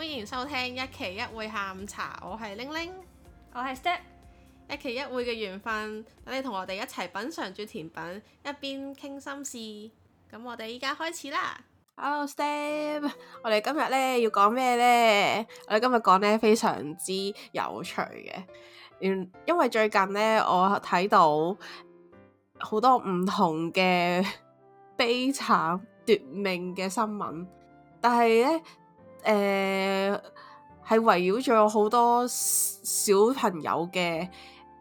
歡迎收聽一期一會下午茶，我係玲玲，我係 Step，一期一會嘅緣分，等你同我哋一齊品嚐住甜品，一邊傾心事。咁我哋依家開始啦。Hello，Step，我哋今日咧要講咩呢？我哋今日講咧非常之有趣嘅，嗯，因為最近咧我睇到好多唔同嘅悲慘奪命嘅新聞，但係咧。誒係、呃、圍繞咗好多小朋友嘅誒、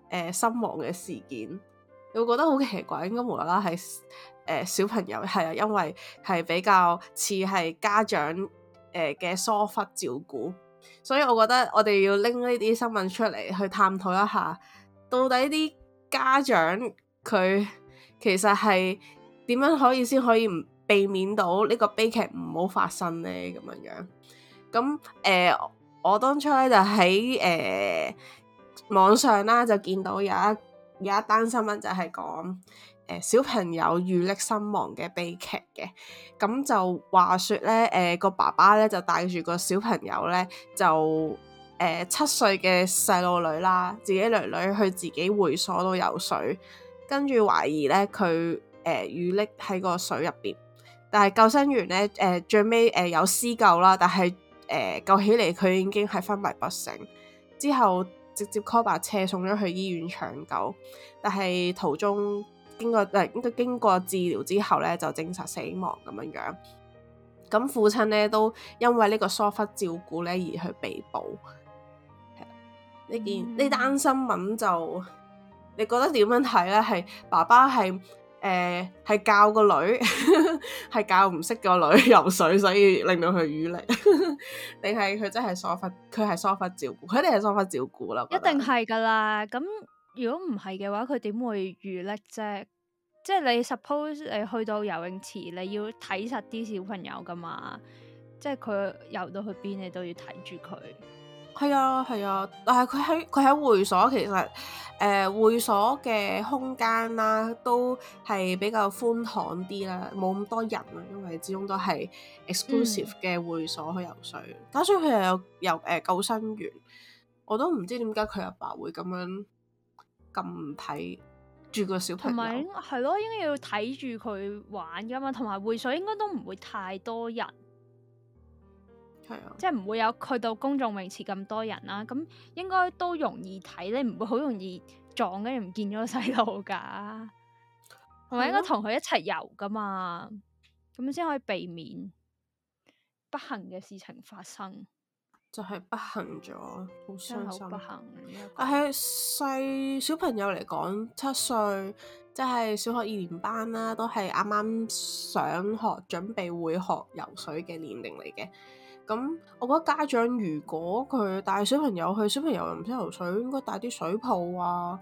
呃、身亡嘅事件，我覺得好奇怪，應該無啦啦係誒小朋友係因為係比較似係家長誒嘅、呃、疏忽照顧，所以我覺得我哋要拎呢啲新聞出嚟去探討一下，到底啲家長佢其實係點樣可以先可以唔避免到呢個悲劇唔好發生呢？咁樣樣。咁誒、呃，我當初咧就喺誒、呃、網上啦，就見到有一有一單新聞就係講誒小朋友遇溺身亡嘅悲劇嘅。咁就話說咧，誒、呃、個爸爸咧就帶住個小朋友咧，就誒七歲嘅細路女啦，自己女女去自己會所度游水，跟住懷疑咧佢誒遇溺喺個水入邊，但係救生員咧誒、呃、最尾誒、呃、有施救啦，但係。誒、欸，救起嚟佢已經係昏迷不醒，之後直接 call 把車送咗去醫院搶救，但係途中經過誒、呃、經過治療之後咧就證實死亡咁樣樣。咁父親咧都因為呢個疏忽照顧咧而去被捕。呢件呢、嗯、單新聞就你覺得點樣睇咧？係爸爸係。誒係、呃、教個女係 教唔識個女游水，所以令到佢遇溺。定係佢真係疏忽？佢係疏忽照顧，佢一定係疏忽照顧啦。一定係噶啦。咁如果唔係嘅話，佢點會遇溺啫？即係你 suppose 你去到游泳池，你要睇實啲小朋友噶嘛？即係佢游到去邊，你都要睇住佢。係啊，係啊，但係佢喺佢喺會所，其實誒、呃、會所嘅空間啦、啊，都係比較寬敞啲啦，冇咁多人啊，因為始終都係 exclusive 嘅會所去游水。加上佢又有有誒、呃、救生員，我都唔知點解佢阿爸會咁樣咁睇住個小朋友。同埋應係咯，應該要睇住佢玩㗎嘛，同埋會所應該都唔會太多人。即係唔會有去到公眾泳池咁多人啦、啊，咁應該都容易睇咧，你唔會好容易撞，吧跟住唔見咗細路噶，同埋應該同佢一齊游噶嘛，咁先可以避免不幸嘅事情發生。就係不幸咗，好傷心不幸啊，係細小朋友嚟講，七歲即係小學二年班啦，都係啱啱上學準備會學游水嘅年齡嚟嘅。咁、嗯，我覺得家長如果佢帶小朋友去，小朋友又唔識游水，應該帶啲水泡啊，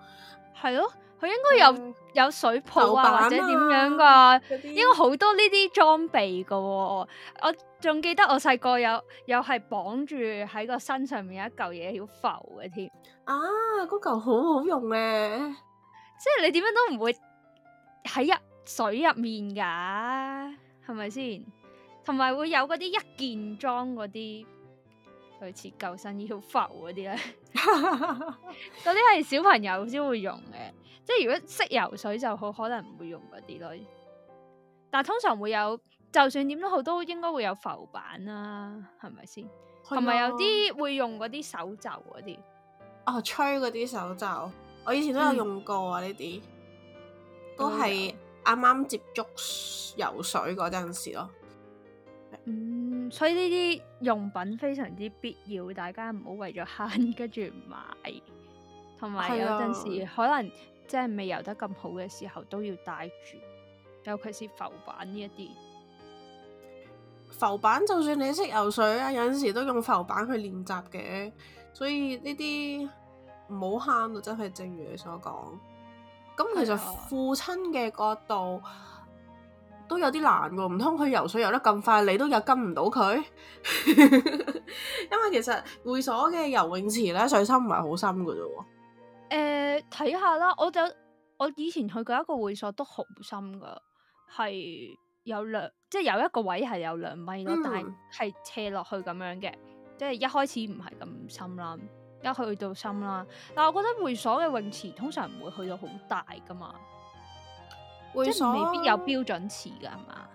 係咯，佢應該有、嗯、有水泡啊，啊或者點樣啩、啊？些應該好多呢啲裝備噶、哦。我仲記得我細個有有係綁住喺個身上面有一嚿嘢要浮嘅添，啊，嗰嚿好好用嘅、啊，即係你點樣都唔會喺入水入面㗎，係咪先？同埋會有嗰啲一件裝嗰啲，類似救生衣好浮嗰啲咧，嗰啲係小朋友先會用嘅。即係如果識游水就好，可能唔會用嗰啲咯。但係通常會有，就算點都好都應該會有浮板啦、啊，係咪先？同埋、啊、有啲會用嗰啲手袖嗰啲，哦，吹嗰啲手袖，我以前都有用過啊！呢啲、嗯、都係啱啱接觸游水嗰陣時咯。嗯，所以呢啲用品非常之必要，大家唔好為咗慳跟住買，同埋有陣時、啊、可能即係未游得咁好嘅時候都要帶住，尤其是浮板呢一啲。浮板就算你識游水啊，有陣時都用浮板去練習嘅，所以呢啲唔好慳咯，真係正如你所講。咁其實父親嘅角度。都有啲難喎，唔通佢游水游得咁快，你都有跟唔到佢？ 因為其實會所嘅游泳池咧，水深唔係好深嘅啫喎。誒，睇下啦，我就我以前去過一個會所都好深噶，係有兩，即係有一個位係有兩米咯，嗯、但係斜落去咁樣嘅，即係一開始唔係咁深啦，一去到深啦。但係我覺得會所嘅泳池通常唔會去到好大噶嘛。會所未必有標準池㗎嘛？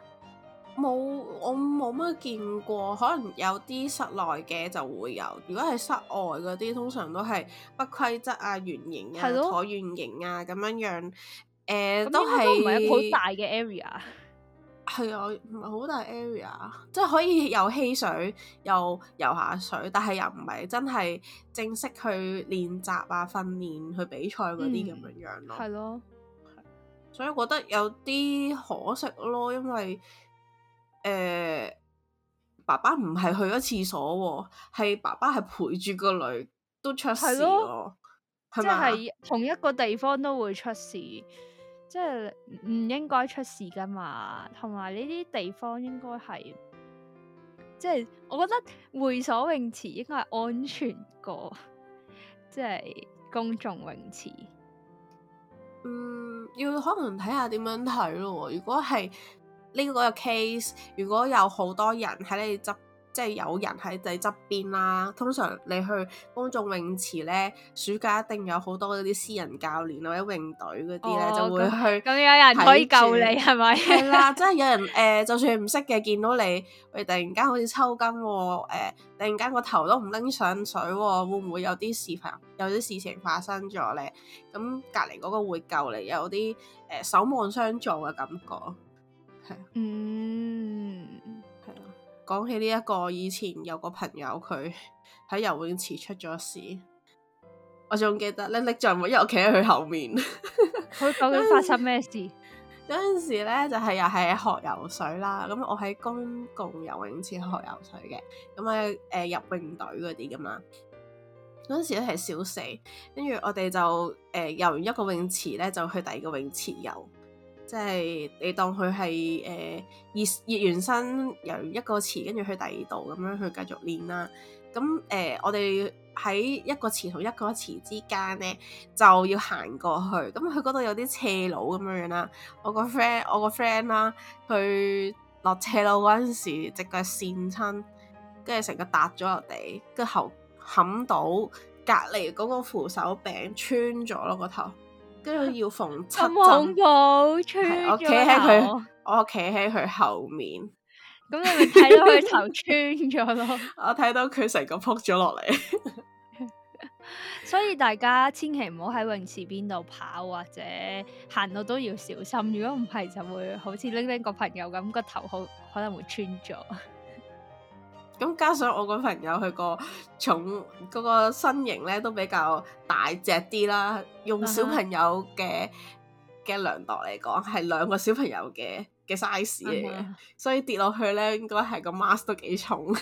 冇，我冇乜見過。可能有啲室內嘅就會有。如果係室外嗰啲，通常都係不規則啊、圓形啊、的橢圓形啊咁樣樣。誒、呃，應都係唔係好大嘅 area？係啊，唔係好大 area，即係可以嬉水、又游下水，但係又唔係真係正式去練習啊、訓練、去比賽嗰啲咁樣樣咯。係咯。所以我覺得有啲可惜咯，因為誒、呃、爸爸唔係去咗廁所喎，係爸爸係陪住個女都出事咯。咯，係咪？即係同一個地方都會出事，即係唔應該出事㗎嘛。同埋呢啲地方應該係即係我覺得會所泳池應該係安全過即係公眾泳池。嗯，要可能睇下點樣睇咯。如果係呢個 case，如果有好多人喺你執。即係有人喺你側邊啦。通常你去公眾泳池咧，暑假一定有好多嗰啲私人教練或者泳隊嗰啲咧，哦、就會去。咁有人可以救你係咪？係 啦，即係有人誒、呃，就算唔識嘅，見到你，你突然間好似抽筋，誒、呃，突然間個頭都唔拎上水、哦，會唔會有啲事情有啲事情發生咗咧？咁隔離嗰個會救你，有啲誒守望相助嘅感覺，係嗯。講起呢、這、一個，以前有個朋友佢喺游泳池出咗事，我仲記得咧溺在，因為我企喺佢後面。佢究竟發生咩事？有陣時咧就係、是、又係學游水啦，咁我喺公共游泳池學游水嘅，咁啊誒入泳隊嗰啲咁嘛。嗰陣時咧係小四，跟住我哋就誒遊、呃、完一個泳池咧，就去第二個泳池遊。即係你當佢係誒熱熱完身，由一個池跟住去第二度咁樣去繼續練啦。咁誒、呃，我哋喺一個池同一個池之間咧，就要行過去。咁佢嗰度有啲斜路咁樣樣啦。我個 friend，我個 friend 啦、啊，佢落斜路嗰陣時，隻腳跣親，跟住成個撻咗落地，跟住個頭冚到隔離嗰個扶手柄穿咗咯個頭。跟住要縫針，咁恐怖，穿咗。我企喺佢，我企喺佢後面，咁 你咪睇到佢頭穿咗咯？ 我睇到佢成個撲咗落嚟， 所以大家千祈唔好喺泳池邊度跑，或者行路都要小心。如果唔係，就會好似拎拎個朋友咁，個頭好可能會穿咗。咁加上我個朋友佢個重嗰、嗰個身形咧都比較大隻啲啦，用小朋友嘅嘅、uh huh. 量度嚟講，係兩個小朋友嘅嘅 size 嚟嘅，uh huh. 所以跌落去咧應該係個 m a、 啊、s k 都幾重，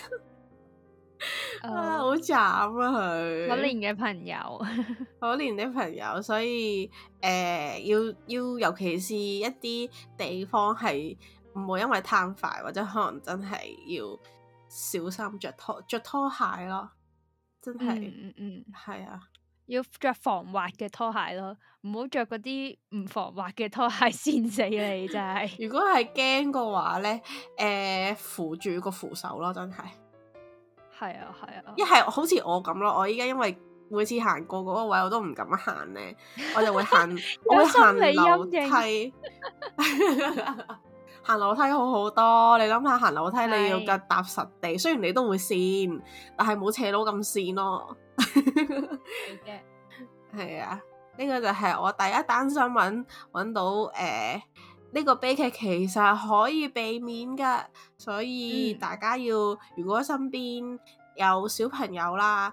啊好慘啊佢！可憐嘅朋友， 可憐嘅朋友，所以誒要、呃、要，要尤其是一啲地方係唔會因為貪快，或者可能真係要。小心着拖著拖鞋咯，真係、嗯，嗯嗯，係啊，要着防滑嘅拖鞋咯，唔好着嗰啲唔防滑嘅拖鞋，跣死你真係。 如果係驚嘅話咧，誒、呃、扶住個扶手咯，真係，係啊係啊，一係、啊、好似我咁咯，我依家因為每次行過嗰個位我都唔敢行咧，我就會行 我會行。 心理陰影 行樓梯好好多，你諗下行樓梯你要腳踏實地，的雖然你都會跣，但係冇斜路咁跣咯。係 啊的，呢、這個就係我第一單新聞，揾揾到誒，呢、呃這個悲劇其實可以避免噶，所以大家要、嗯、如果身邊有小朋友啦。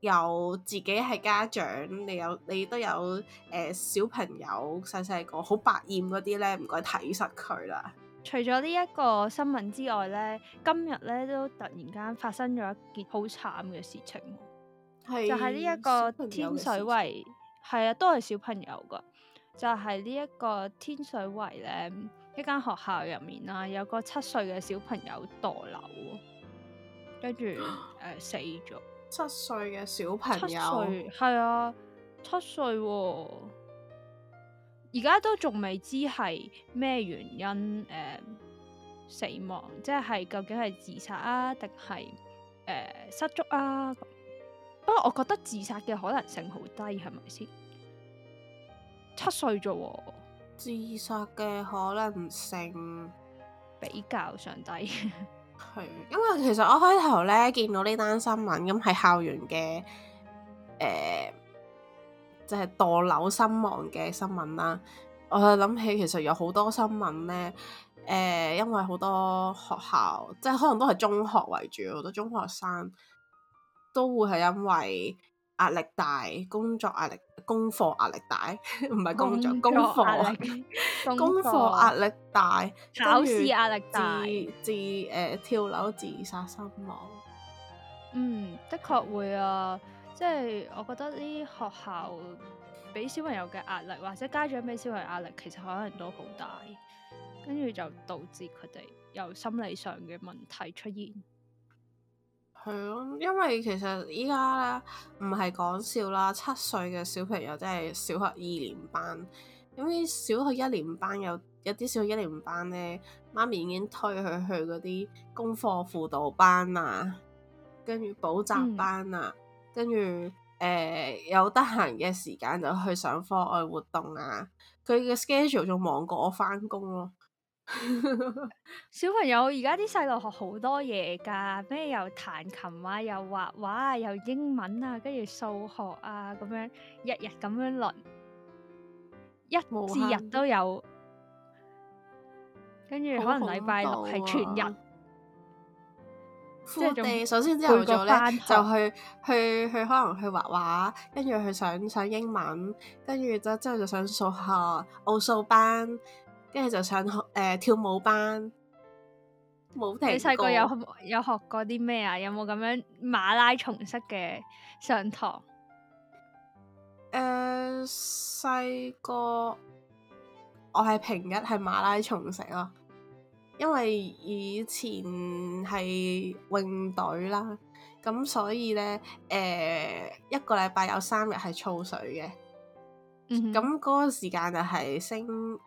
有自己係家長，你有你都有誒、呃、小朋友細細個好百厭嗰啲咧，唔該睇實佢啦。除咗呢一個新聞之外咧，今日咧都突然間發生咗一件好慘嘅事情，事情就係呢一個天水圍，係啊，都係小朋友噶，就係呢一個天水圍咧，一間學校入面啦，有個七歲嘅小朋友墮樓，跟住誒死咗。七歲嘅小朋友，係啊，七歲，而家都仲未知係咩原因誒、呃、死亡，即係究竟係自殺啊，定係誒失足啊？不過我覺得自殺嘅可能性好低，係咪先？七歲啫，啊，自殺嘅可能性比較上低。 係，因為其實我開頭咧見到呢單新聞，咁、嗯、係校園嘅誒，就係墮樓身亡嘅新聞啦。我就諗起其實有好多新聞咧，誒、呃，因為好多學校，即係可能都係中學為主，好多中學生都會係因為壓力大，工作壓力大。功課壓力大，唔 係工作。功課壓力，功課壓 力大，考試壓力大，自誒、呃、跳樓自殺身亡。嗯，的確會啊，即、就、係、是、我覺得啲學校俾小朋友嘅壓力，或者家長俾小朋友壓力，其實可能都好大，跟住就導致佢哋有心理上嘅問題出現。係咯，因為其實依家咧唔係講笑啦，七歲嘅小朋友真係小學二年班，咁啲小學一年班，有一啲小學一年班咧，媽咪已經推佢去嗰啲功課輔導班啊，跟住補習班啊，跟住誒有得閒嘅時間就去上課外活動啊，佢嘅 schedule 仲忙過我返工咯。 小朋友而家啲細路學好多嘢㗎，咩又彈琴啊，又畫畫啊，又英文啊，跟住數學啊，咁樣日日咁樣輪，一至日都有，跟住限可能禮拜六係全日，啊、即係你首先之後咗咧，學就去去去，去可能去畫畫，跟住去上上英文，跟住咁之後就上數學奧數班，跟住就上學。誒、呃，跳舞班冇停。你細個有有學過啲咩啊？有冇咁樣馬拉松式嘅上堂？誒、呃，細個我係平日係馬拉松式咯、啊，因為以前係泳隊啦，咁所以咧誒、呃、一個禮拜有三日係操水嘅，咁嗰、嗯、哼個時間就係升誒。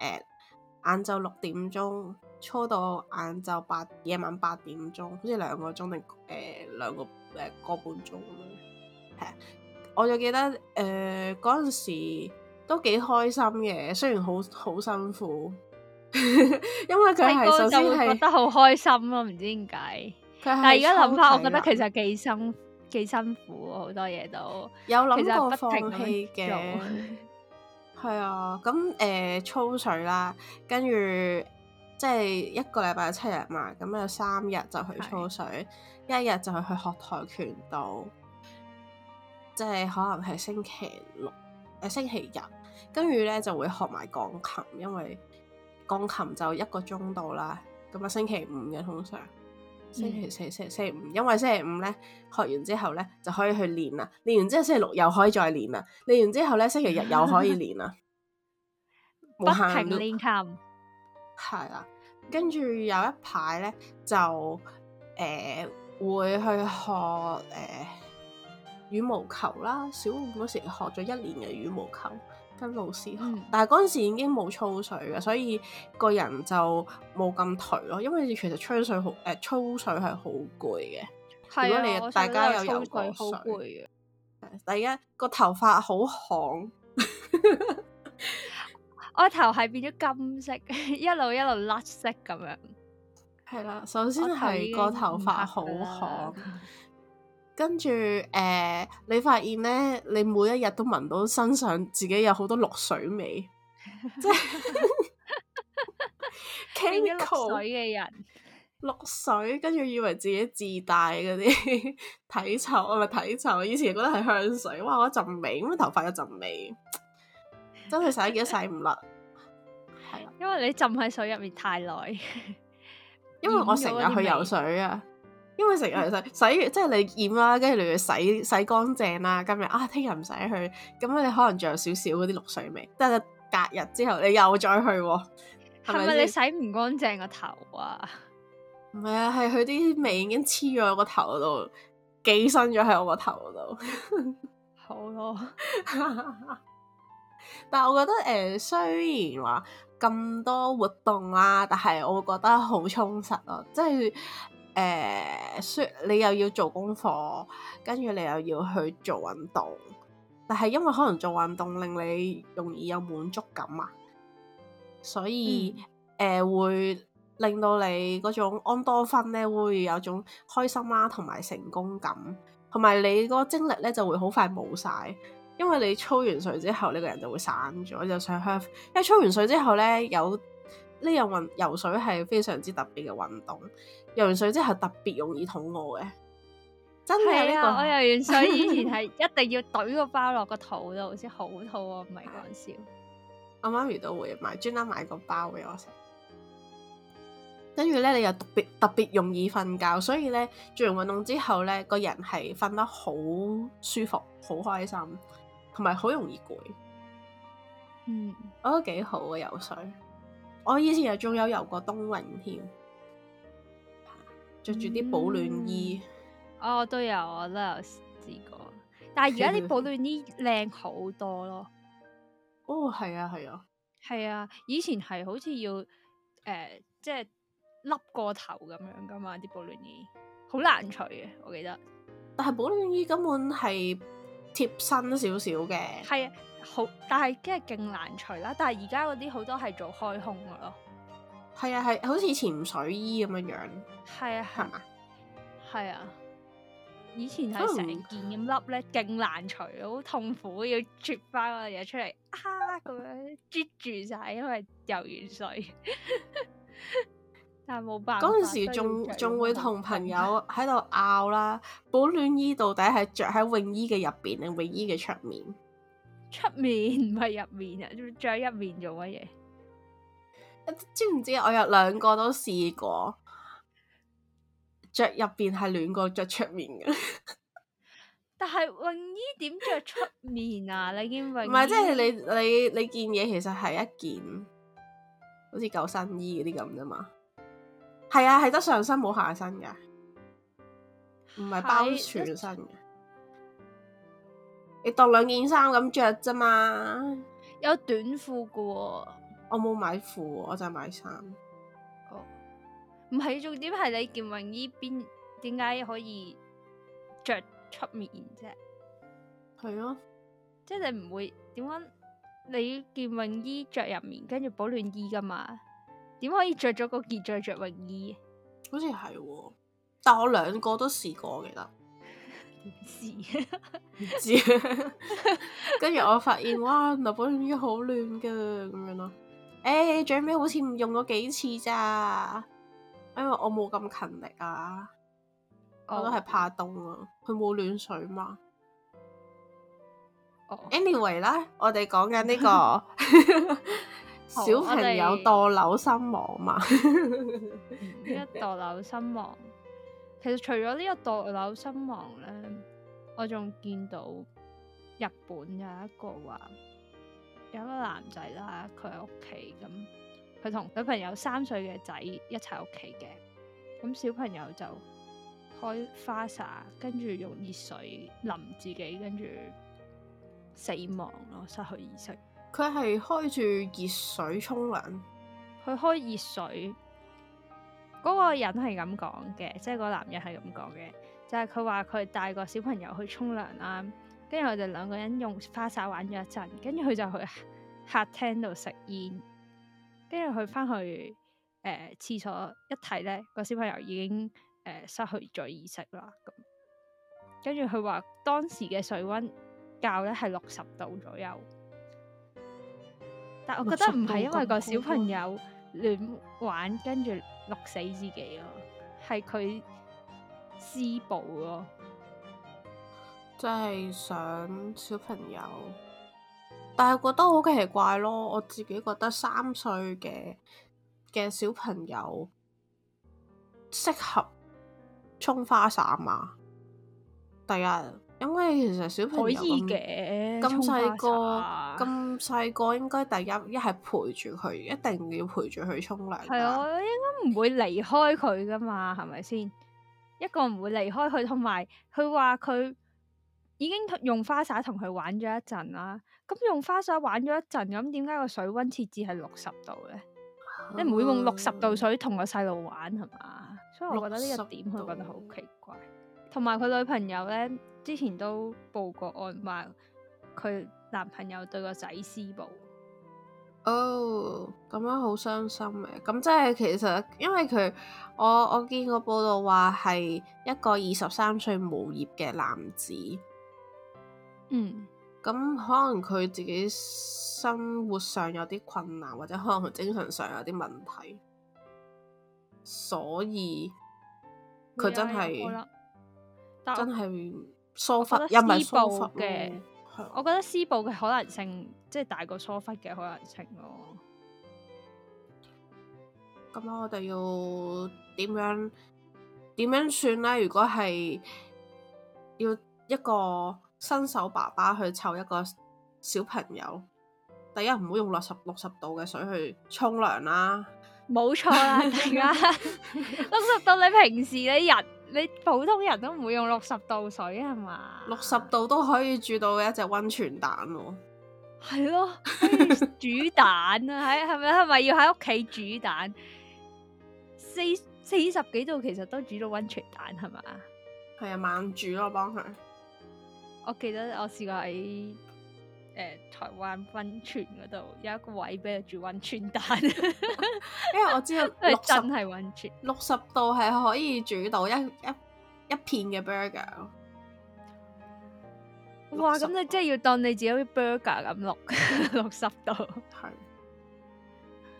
晏晝六點鐘，初到晏晝八夜晚八點鐘，好似兩個鐘定誒兩個誒、呃、個半鐘咁樣。係，我就記得誒嗰陣時都幾開心嘅，雖然好好辛苦， 因為唱歌就會覺得好開心咯、啊，唔知點解。但係而家諗翻，我覺得其實幾辛幾辛苦，好多嘢都有諗過放棄嘅。其實 係啊，咁誒、呃，操水啦，跟住即係一個禮拜有七日嘛，咁有三日就去操水，的一日就係去學跆拳道，即係可能係星期六誒、呃、星期日，跟住咧就會學埋鋼琴，因為鋼琴就一個鐘度啦，咁啊星期五嘅通常。星期四、星期四、五，因為星期五咧學完之後咧就可以去練啦，練完之後星期六又可以再練啦，練完之後咧星期日又可以練啦，得閒 不停練琴。係啦、啊，跟住有一排咧就誒、呃、會去學誒、呃、羽毛球啦，小五嗰時學咗一年嘅羽毛球。跟老師，但係嗰陣時已經冇粗水嘅，所以個人就冇咁頹咯。因為其實槍水好，誒、呃、粗水係好攰嘅。係啊，你大家有油攰，好攰嘅。第一個頭髮好戇， 我頭係變咗金色，一路一路甩色咁樣。係啦、啊，首先係個頭髮好戇。跟住，誒、呃，你發現咧，你每一日都聞到身上自己有好多落水味，即係，傾落水嘅人，落水跟住以為自己自帶嗰啲體臭，我咪體臭？以前覺得係香水，哇，我一陣味，咁啊頭髮一陣味， 真係洗幾多洗唔甩，係啊，因為你浸喺水入面太耐， 因為我成日去游水啊。因為成日洗洗即係你染啦、啊，跟住你去洗洗乾淨啦、啊，今日啊，聽日唔使去，咁你可能仲有少少嗰啲氯水味。但係隔日之後，你又再去、啊，係咪你洗唔乾淨個頭啊？唔係啊，係佢啲味已經黐咗我個頭度，寄生咗喺我個頭度。 好咯了， 但係我覺得誒、呃，雖然話咁多活動啦、啊，但係我覺得好充實啊，即係。誒，説、呃、你又要做功課，跟住你又要去做運動，但係因為可能做運動令你容易有滿足感啊，所以誒、嗯呃、會令到你嗰種安多芬咧會有種開心啦、啊，同埋成功感，同埋你嗰個精力咧就會好快冇晒，因為你操完水之後，你個人就會散咗，就想因為操完水之後咧有。呢樣運游水係非常之特別嘅運動，游完水之後特別容易肚餓嘅，真係啊！這個、我游完水以前係一定要懟個包落個肚度先 好肚啊，唔係講笑。阿媽咪都會買專登買個包俾我食，跟住咧你又特別特別容易瞓覺，所以咧做完運動之後咧個人係瞓得好舒服、好開心，同埋好容易攰。嗯，我都幾好啊，游水。我以前又仲有游過冬泳添、嗯，着住啲保暖衣。哦，都有，我都有試過。但係而家啲保暖衣靚好多咯。哦，係啊，係啊，係啊！以前係好似要誒，即係笠過頭咁樣噶嘛，啲保暖衣好難除嘅，我記得。但係保暖衣根本係。貼身少少嘅，係、啊、好，但係梗係勁難除啦。但係而家嗰啲好多係做開胸咯，係啊，係好似潛水衣咁樣樣，係啊，係嘛吧，係啊。以前係成件咁笠咧，勁難除，好痛苦，要啜翻個嘢出嚟啊咁樣啜住曬，因為游完水。 但係冇辦嗰陣時，仲仲會同朋友喺度拗啦。保暖衣到底係着喺泳衣嘅入邊定泳衣嘅出面？出面唔係入面啊？着入面做乜嘢？知唔知？我有兩個都試過着入邊係暖過着出面嘅。 但係泳衣點着出面啊？ 你件泳唔係即係你你你件嘢其實係一件好似救生衣嗰啲咁啫嘛。係啊，係得上身冇下身噶，唔係包全身嘅。你當兩件衫咁着啫嘛。有短褲噶、哦。我冇買褲，我就買衫。哦、嗯，唔係，重點係你件泳衣邊點解可以着出面啫？係啊，即係你唔會點解？你件泳衣着入面，跟住保暖衣噶嘛。點可以着咗嗰件再着泳衣？好似係、哦，但我兩個都試過，記得。唔知，唔、啊、知。跟住我發現，哇、啊，嗱，本泳衣好暖㗎，咁樣咯、啊。誒，最尾好似唔用過幾次咋，因為我冇咁勤力啊。Oh. 我都係怕凍啊，佢冇暖水嘛。Oh. Anyway 啦，我哋講緊、這、呢個。 小朋友墮樓身亡嘛， 嗯、一墮樓身亡。其實除咗呢個墮樓身亡咧，我仲見到日本有一個話，有一個男仔啦，佢喺屋企咁，佢同女朋友三歲嘅仔一齊屋企嘅，咁小朋友就開花灑，跟住用熱水淋自己，跟住死亡咯，失去意識。佢係開住熱水沖涼，佢開熱水嗰個人係咁講嘅，即係個男人係咁講嘅，就係佢話佢帶個小朋友去沖涼啦，跟住我哋兩個人用花灑玩咗一陣，跟住佢就去客廳度食煙，跟住佢翻去誒廁、呃、所一睇咧，個小朋友已經誒、呃、失去咗意識啦。咁跟住佢話當時嘅水溫較咧係六十度左右。但我覺得唔係因為個小朋友亂玩，跟住碌死自己咯，係佢施暴咯，即係想小朋友。但係覺得好奇怪咯，我自己覺得三歲嘅嘅小朋友適合沖花灑嘛。第一，因為其實小朋友可以嘅咁細個。咁細個應該第一一係陪住佢，一定要陪住佢沖涼。係啊，應該唔會離開佢噶嘛，係咪先？一個唔會離開佢，同埋佢話佢已經用花灑同佢玩咗一陣啦、啊。咁、嗯、 用花灑玩咗一陣，咁點解個水温設置係六十度咧？ 嗯、你唔會用六十度水同個細路玩係嘛？所以我覺得呢個點度，我覺得好奇怪。同埋佢女朋友咧，之前都報過案嘛？啊 佢男朋友對個仔施暴，哦、oh，啊，咁樣好傷心嘅，咁即係其實因為佢，我我見過報道話係一個二十三歲無業嘅男子，嗯，咁可能佢自己生活上有啲困難，或者可能佢精神上有啲問題，所以佢真係、啊、真係疏忽，一唔係疏忽嘅。啊我覺得施暴嘅可能性，即係大過疏忽嘅可能性咯。咁啦，我哋要點樣點樣算咧？如果係要一個新手爸爸去湊一個小朋友，第一唔好用六十六十度嘅水去沖涼啦。冇錯啦，大家六十 度你平時一日。你普通人都唔會用六十度水係嘛？六十度都可以煮到一隻溫泉蛋喎。係咯， 煮蛋啊，喺係咪係咪要喺屋企煮蛋？四四十幾度其實都煮到溫泉蛋，係嘛？係啊，慢煮咯，幫佢。我記得我試過喺。誒，台灣温泉嗰度有一個位俾佢煮單。温泉蛋，因為我知道 真係温泉六十度係可以煮到一一一片嘅 burger。哇，咁你即係要當你自己 burger 咁六六十 度，係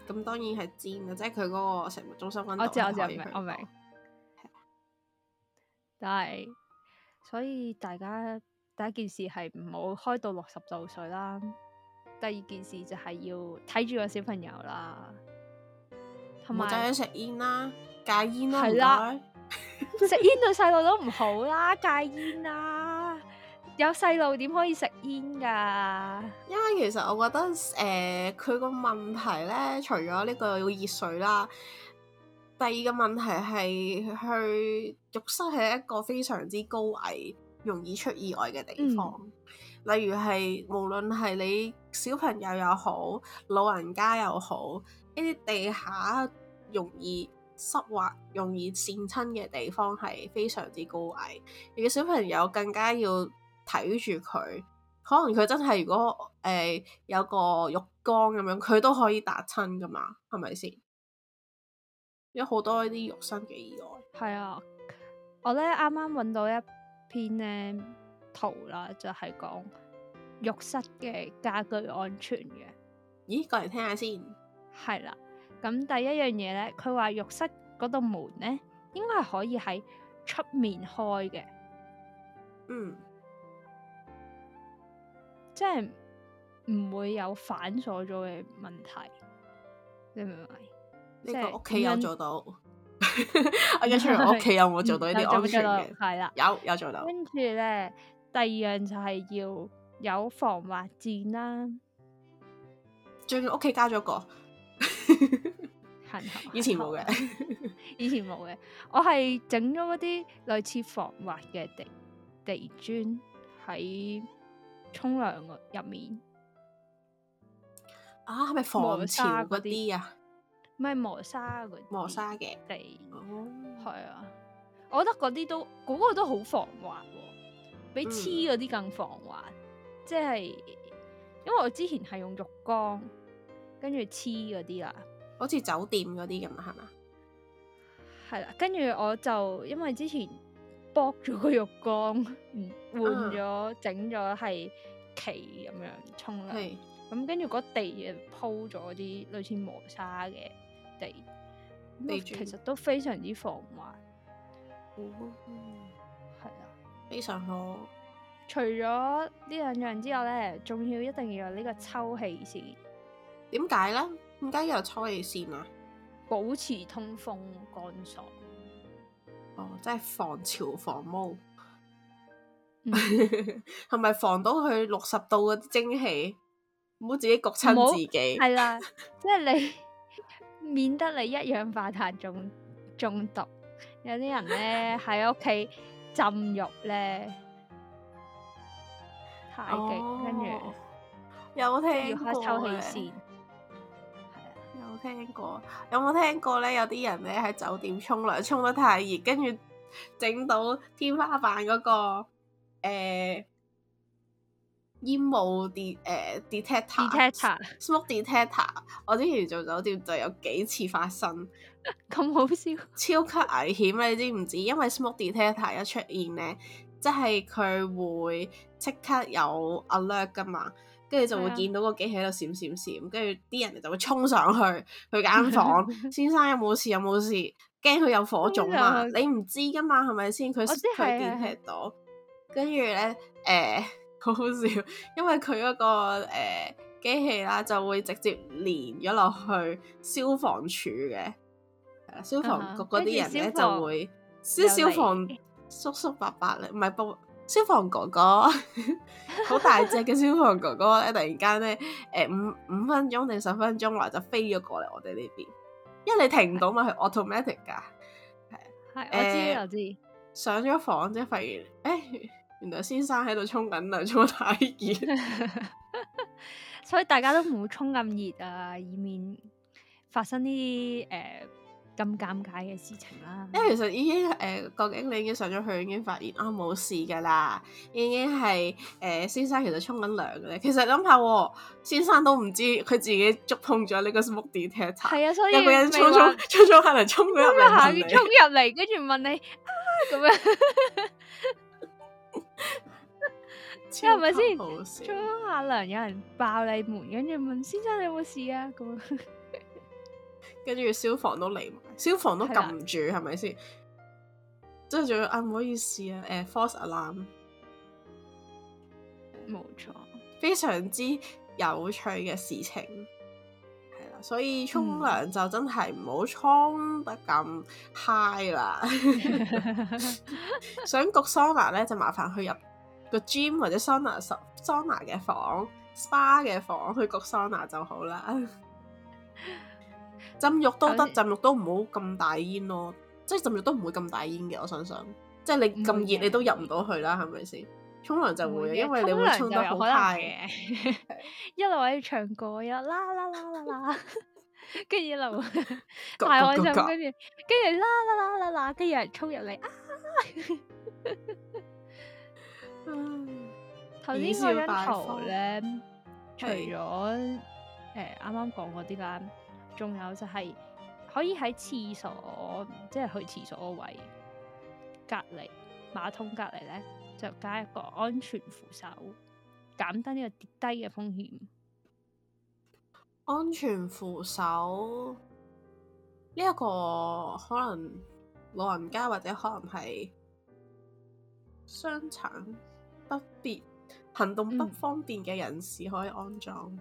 咁當然係煎嘅，即係佢嗰個食物中心温度我知我知,我知我，我明。是但係，所以大家。第一件事係唔好開到六十度水啦，第二件事就係要睇住個小朋友啦，同埋唔好食煙啦，戒煙啦，係啦，食煙對細路都唔好啦，戒煙啦，有細路點可以食煙噶？因為其實我覺得誒，佢、呃、個問題咧，除咗呢個要熱水啦，第二個問題係去浴室係一個非常之高危。容易出意外嘅地方，嗯、例如係無論係你小朋友又好，老人家又好，呢啲地下容易濕滑，容易跣親嘅地方係非常之高危，而小朋友更加要睇住佢。可能佢真係如果誒、呃、有個浴缸咁樣，佢都可以打親噶嘛，係咪先？有好多呢啲浴身嘅意外。係啊，嗯，我咧啱啱搵到一。篇咧圖啦，就係講浴室嘅家居安全嘅。咦，過嚟聽下先。係啦，咁第一樣嘢咧，佢話浴室嗰度門咧，應該係可以喺出面開嘅。嗯，即係唔會有反鎖咗嘅問題。你明唔明？即係屋企人做到。阿杰， 我一出嚟我屋企有冇做到呢啲安全嘅？係啦，有有做到。跟住咧，第二樣就係要有防滑墊啦。最近屋企加咗個， 以前冇嘅，以前冇嘅。我係整咗嗰啲類似防滑嘅地地磚喺沖涼入面。啊，係咪防潮嗰啲啊？咩磨砂嗰啲，磨砂嘅地，係啊，我覺得嗰啲都嗰、嗰個都好防滑，比黐嗰啲更防滑。即係因為我之前係用浴缸，跟住黐嗰啲啦，好似酒店嗰啲咁啊，係嘛？係啦，跟住我就因為之前駁咗個浴缸，換咗整咗係旗咁樣沖涼，咁、嗯嗯嗯嗯、跟住嗰地就鋪咗啲類似磨砂嘅。地，其實都非常之防滑，係啊、嗯，的非常好。除咗呢兩樣之外咧，仲要一定要有個氣線呢個抽氣扇。點解咧？點解要有抽氣扇啊？保持通風乾爽。哦，即係防潮防污，係咪、嗯、 防到佢六十度嗰啲蒸汽？唔好自己焗親自己。係啦別，即係、 就是、你。免得你一氧化碳中中毒，有啲人咧喺屋企浸浴咧，太極跟住、哦、後有冇聽過？要開抽氣扇、啊、聽過？有冇聽過？有冇聽過咧？有啲人咧喺酒店沖涼，沖得太熱，跟住整到天花板嗰、那個、呃煙霧 detect 誒、呃、detector，smoke detector。detector。我之前做酒店就有幾次發生咁好笑，超級危險你知唔知？因為 smoke detector 一出現咧，即係佢會即刻有 alert 噶嘛，跟住就會見到個機器喺度閃,閃閃閃，跟住啲人就會衝上去去間房， 先生有冇事有冇事？驚佢有,有火種嘛？ 嗯、你唔知噶嘛？係咪先？佢佢 detect 到，跟住咧誒。好好笑，因為佢嗰、那個誒機、呃、器啦，就會直接連咗落去消防處嘅，誒、啊、消防局嗰啲人咧、嗯、就會消你消防叔叔伯伯咧，唔係報消防哥哥，好 大隻嘅消防哥哥咧，突然間咧，誒五五分鐘定十分鐘，話就飛咗過嚟我哋呢邊，因為你停唔到嘛，係 automatic 噶，係我知、啊、我知，上咗房啫，發現誒。原來先生喺度沖緊涼，沖太熱， 所以大家都唔冇沖咁熱啊，以免發生啲誒咁尷尬嘅事情啦、啊。因為其實已經誒，郭經理已經上咗去，已經發現啊冇事噶啦，已經係誒、呃、先生其實沖緊涼嘅咧。其實諗下，先生都唔知佢自己觸碰咗呢個 smoke d e e c t 係啊，所以有一個人沖沖沖沖，可能衝入嚟，衝入嚟，跟住問你啊咁樣。 係咪先？沖沖下涼，有人爆你門，跟住問先生你有冇事啊？咁，跟住消防都嚟埋，消防都撳唔住，係咪先？即係仲要啊，唔好意思啊，誒，false alarm，冇錯，錯非常之有趣嘅事情。所以沖涼就真係唔好沖得咁 high 啦。 想焗桑拿咧，就麻煩去入個 gym 或者桑拿桑拿嘅房、SPA 嘅房去焗桑拿就好啦。 浸浴都得， 浸浴都唔好咁大煙咯。即係浸浴都唔會咁大煙嘅，我相信。即係你咁熱，你都入唔到去啦，係咪先？是沖涼就會，因為你會沖得好快嘅， 一路喺度唱歌，一啦啦啦啦啦，跟住 一路大開心。跟住跟住啦啦啦啦啦，跟住 人衝入嚟，啊！頭先嗰張圖咧， 除咗誒啱啱講嗰啲啦，仲是、欸、有就係可以喺廁所，即、就、係、是、去廁所位隔離馬桶隔離咧。就加一個安全扶手，減低呢個跌低嘅風險。安全扶手呢一、這個可能老人家或者可能係傷殘、不便行動不方便嘅人士可以安裝。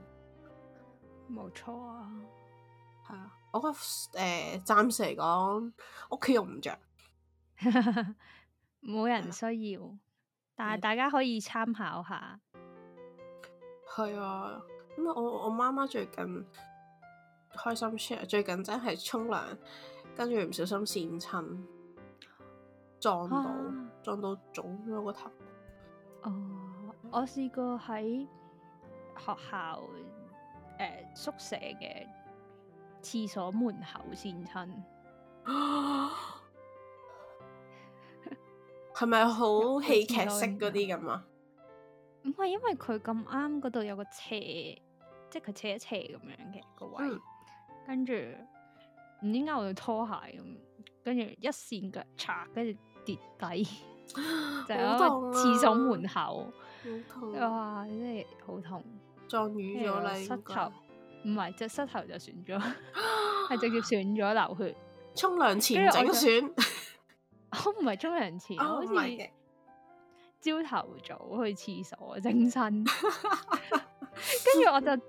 冇、嗯、錯啊，係啊，我覺得誒、呃、暫時嚟講屋企用唔着，冇 人需要。但係大家可以參考下，係 啊，咁我我媽媽最近開心 share，最近真係沖涼，跟住唔小心跣親，撞到、啊、撞到腫咗個頭。哦，我試過喺學校誒、呃、宿舍嘅廁所門口跣親。 係咪好戲劇式嗰啲咁啊？唔係，因為佢咁啱嗰度有個斜，即係佢斜斜咁樣嘅、嗰個位、嗯跟，跟住唔知點解我對拖鞋咁，跟住一線腳擦，跟住跌低， 就喺廁所門口，好痛、啊、好痛哇！真係好痛，撞瘀咗你膝頭，唔係、那個、隻、就是、膝頭就損咗，係 直接損咗流血，沖涼前整損。 我唔係沖涼前，oh、my 我好似朝頭早去廁所整身，跟住 我就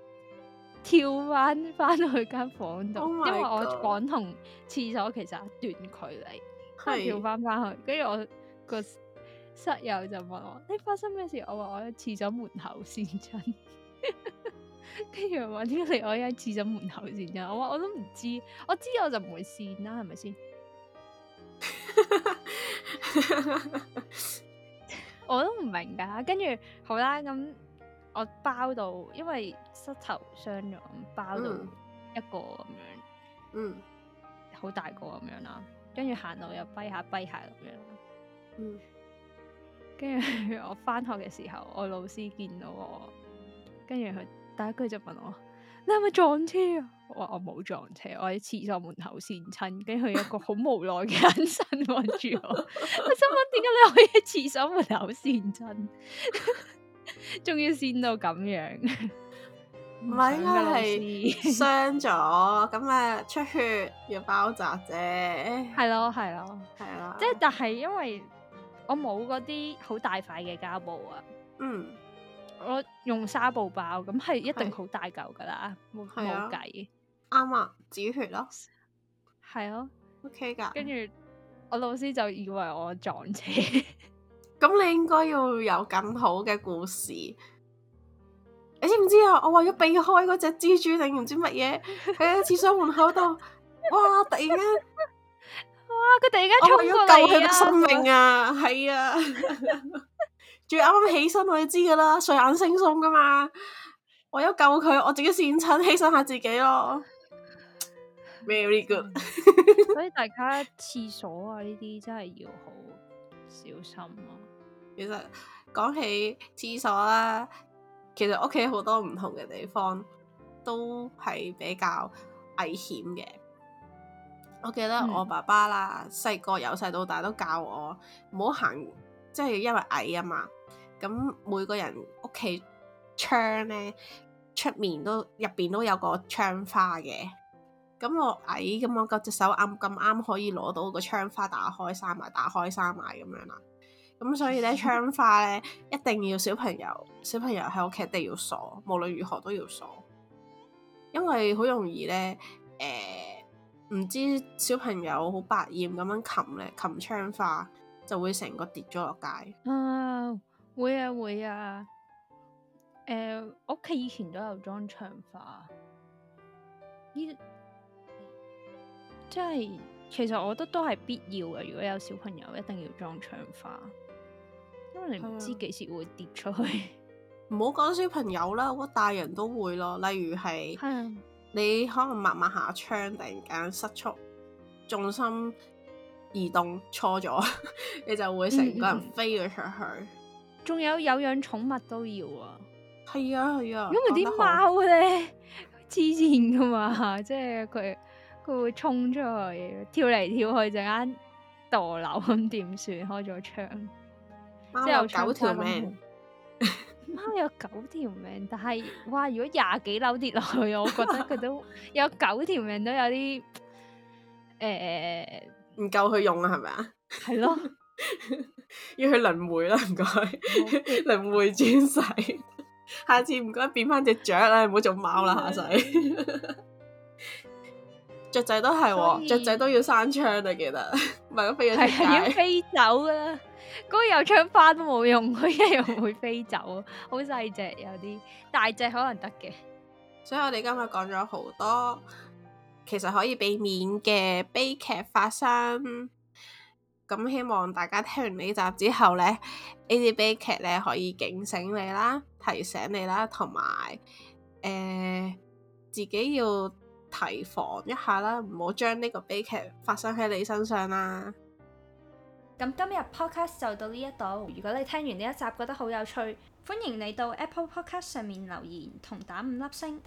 跳返返去間房度，oh、my 因為我房同廁所其實一段距離，跟住 跳返返去，跟住我、個室友就問我：你發生咩事？我話我喺廁所門口跣親，跟住又話點解嚟我喺廁所門口跣親？我話我都唔知，我知我就唔會跣啦，係咪先？ 我都唔明㗎，跟住好啦，咁我包到，因為膝頭傷咗，包到一個咁樣，嗯、mm.，好大個咁樣啦，跟住行路又跛下跛下咁樣，嗯、mm.，跟住我返學嘅時候，我老師見到我，跟住佢第一句就問我。你係咪撞車啊？我話我冇撞車，我喺廁所門口跣親，跟住佢有個好無奈嘅眼神望住我， 我心諗點解你可以喺廁所門口跣親，仲 要跣到咁樣，唔係應該係傷咗，咁啊 出血要包紮啫，係咯係咯係啦，即係咯但係因為我冇嗰啲好大塊嘅膠布啊，嗯。我用紗布包，咁係一定好大嚿噶啦，冇冇計。啱啊，止血咯，係咯，O K 噶。跟住、okay、的我老師就以為我撞車。咁你應該要有更好嘅故事。你知唔知啊？我為咗避開嗰隻蜘蛛定唔知乜嘢，喺廁所門口度，哇！哇突然間，哇！佢突然間衝過嚟，為咗救佢嘅生命啊！係噢是啊！ 住啱啱起身，我哋知㗎啦，睡眼惺忪㗎嘛。我有救佢，我自己善親起身下自己咯。Very good。所以大家廁所啊呢啲真係要好小心啊。其實講起廁所啦，其實屋企好多唔同嘅地方都係比較危險嘅。我記得我爸爸啦，細個由細到大都教我唔好行，即係、就是、因為矮啊嘛。咁每個人屋企窗咧，出面都入邊都有個窗花嘅。咁我矮，咁、哎、我嗰隻手啱咁啱可以攞到個窗花打，打開閂埋，打開閂埋咁樣啦。咁所以咧， 窗花咧一定要小朋友，小朋友喺屋企一定要鎖，無論如何都要鎖，因為好容易咧，誒、呃、唔知小朋友好百厭咁樣擒咧擒窗花，就會成個跌咗落街。 會啊會啊，誒、啊，屋、呃、企以前都有裝窗花，依即係其實我覺得都係必要嘅。如果有小朋友，一定要裝窗花，因為你唔知幾時會跌出去。唔好講小朋友啦，我覺得大人都會咯。例如係、嗯、你可能抹抹下窗，突然間失速、重心移動錯咗，錯 你就會成個人飛咗出去。嗯嗯 仲有有養寵物都要啊，係啊，係啊，如、啊、因為啲貓咧，黐線噶嘛，即係佢佢會衝出去跳嚟跳去，陣間墮樓咁點算？開咗窗，貓有九條命，貓有九條命， 但係哇，如果廿幾樓跌落去，我覺得佢都有九條命都有啲誒唔夠佢用啊，係咪啊？係 咯。 要去輪迴啦，唔該，輪迴轉世。 下次唔該變翻隻雀啦，唔好做貓啦，下世 雀仔都係、哦，以雀仔都要閂窗啊，記得唔係咁飛咗出街，要飛走啦、啊。嗰 油窗花都冇用，佢一樣會飛走。好細隻有啲大隻可能得嘅。 所以我哋今日講咗好多，其實可以避免嘅悲劇發生。咁希望大家聽完呢集之後呢，呢啲悲劇咧可以警醒你啦、提醒你啦，同埋誒自己要提防一下啦，唔好將呢個悲劇發生喺你身上啦。咁今日 podcast 就到呢一度。如果你聽完呢一集覺得好有趣，歡迎你到 Apple Podcast 上面留言同打五粒星。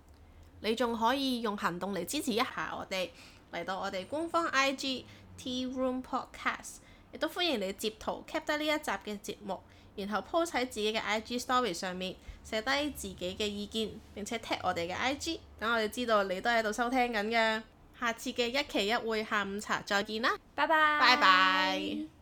你仲可以用行動嚟支持一下我哋，嚟到我哋官方 IG Tea Room Podcast。亦都歡迎你截圖 keep 得呢一集嘅節目，然後 po 喺自己嘅 IG story 上面，寫低自己嘅意見，並且踢我哋嘅 IG，等我哋知道你都喺度收聽緊嘅。下次嘅一期一會下午茶，再見啦，拜拜，拜拜。